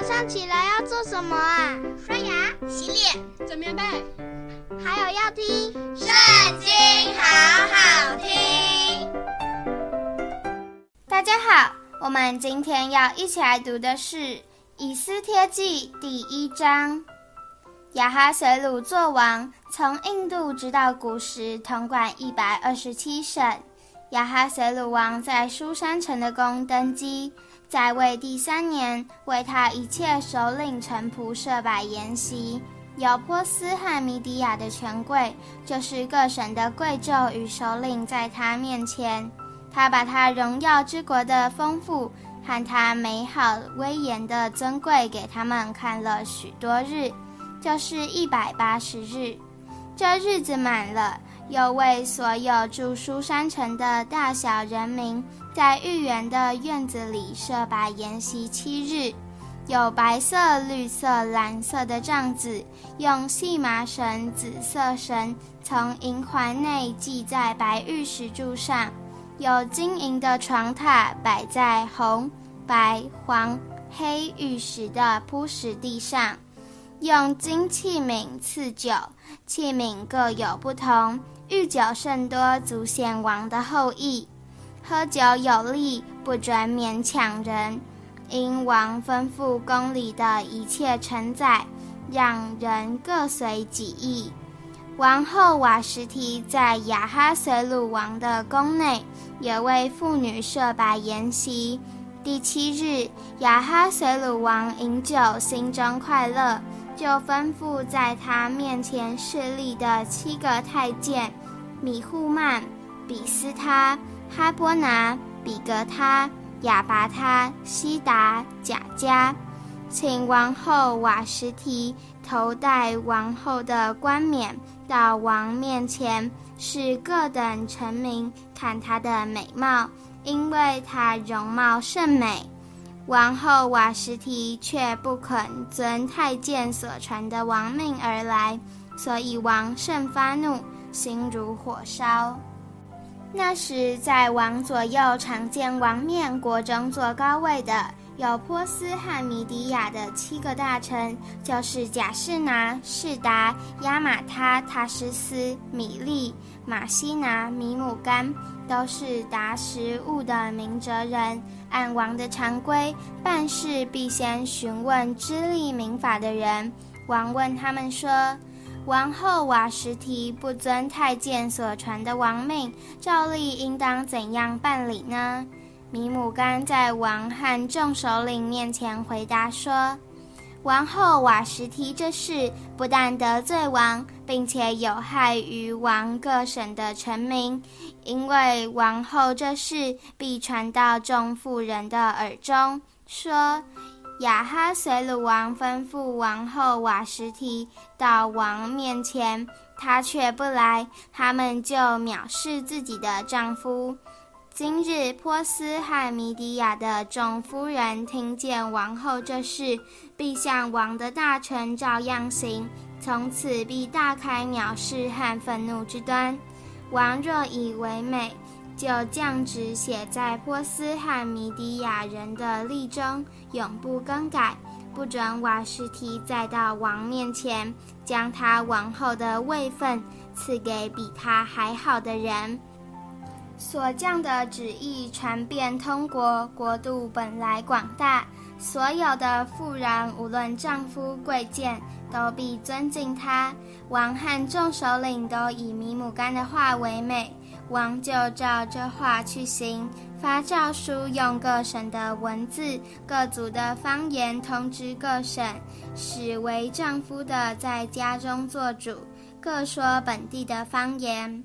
早上起來要做什麼啊？刷牙、洗臉、整棉被，還有要聽《聖經》，好好聽。大家好，我們今天要一起來讀的是《以斯帖記》第一章。亞哈隨魯作王，從印度直到古實，統管一百二十七省。亞哈隨魯王在書珊城的宮登基。在位第三年，為他一切首領臣僕設擺筵席，有波斯和米迪亞的權貴，就是各省的貴冑與首領，在他面前，他把他榮耀之國的豐富和他美好威嚴的尊貴給他們看了許多日，就是一百八十日，這日子滿了。又為所有住書珊城的大小人民，在御園的院子裡設擺筵席七日，有白色、綠色、藍色的帳子，用細麻繩、紫色繩從銀環內繫在白玉石柱上，有金銀的床榻擺在紅、白、黃、黑玉石的鋪石地上，用金器皿賜酒，器皿各有不同。御酒甚多，足顯王的厚意，喝酒有例，不准勉強人。因王吩咐宮裡的一切臣宰，讓人各隨己意。王后瓦實提在亞哈隨魯王的宮內，也為婦女設擺筵席。第七日，亞哈隨魯王飲酒，心中快樂。就吩咐在他面前侍立的七個太監：米戶幔、比斯他、哈波拿、比革他、亞拔他、西達、甲迦，請王后瓦實提頭戴王後的冠冕到王面前，使各等臣民看她的美貌，因為她容貌甚美。王后瓦實提卻不肯遵太監所傳的王命而來，所以王甚發怒，心如火燒。那時，在王左右常見王面、國中坐高位的，有波斯和米底亞的七個大臣，就是甲示拿、示達、押瑪他、他施斯、米力、瑪西拿、米母干。都是達時務的明哲人。按王的常規，辦事必先詢問知例明法的人。王問他們說：“王后瓦實提不遵太監所傳的王命，照例應當怎樣辦理呢？”米母干在王和眾首領面前回答說：王后瓦實提這事，不但得罪王，並且有害於王各省的臣民，因為王后這事必傳到眾婦人的耳中，說亞哈隨魯王吩咐王后瓦實提到王面前，她卻不來，他們就藐視自己的丈夫。今日波斯和米底亞的眾夫人聽見王后這事，必向王的大臣照樣行，從此必大開藐視和忿怒之端。王若以為美，就降旨寫在波斯和米底亞人的例中，永不更改，不准瓦實提再到王面前，將她王後的位分賜給比她還好的人。所降的旨意傳遍通國，國度本來廣大，所有的婦人無論丈夫貴賤，都必尊敬他。王和眾首領都以米母干的話為美，王就照這話去行，發詔書，用各省的文字、各族的方言通知各省，使為丈夫的在家中作主，各說本地的方言。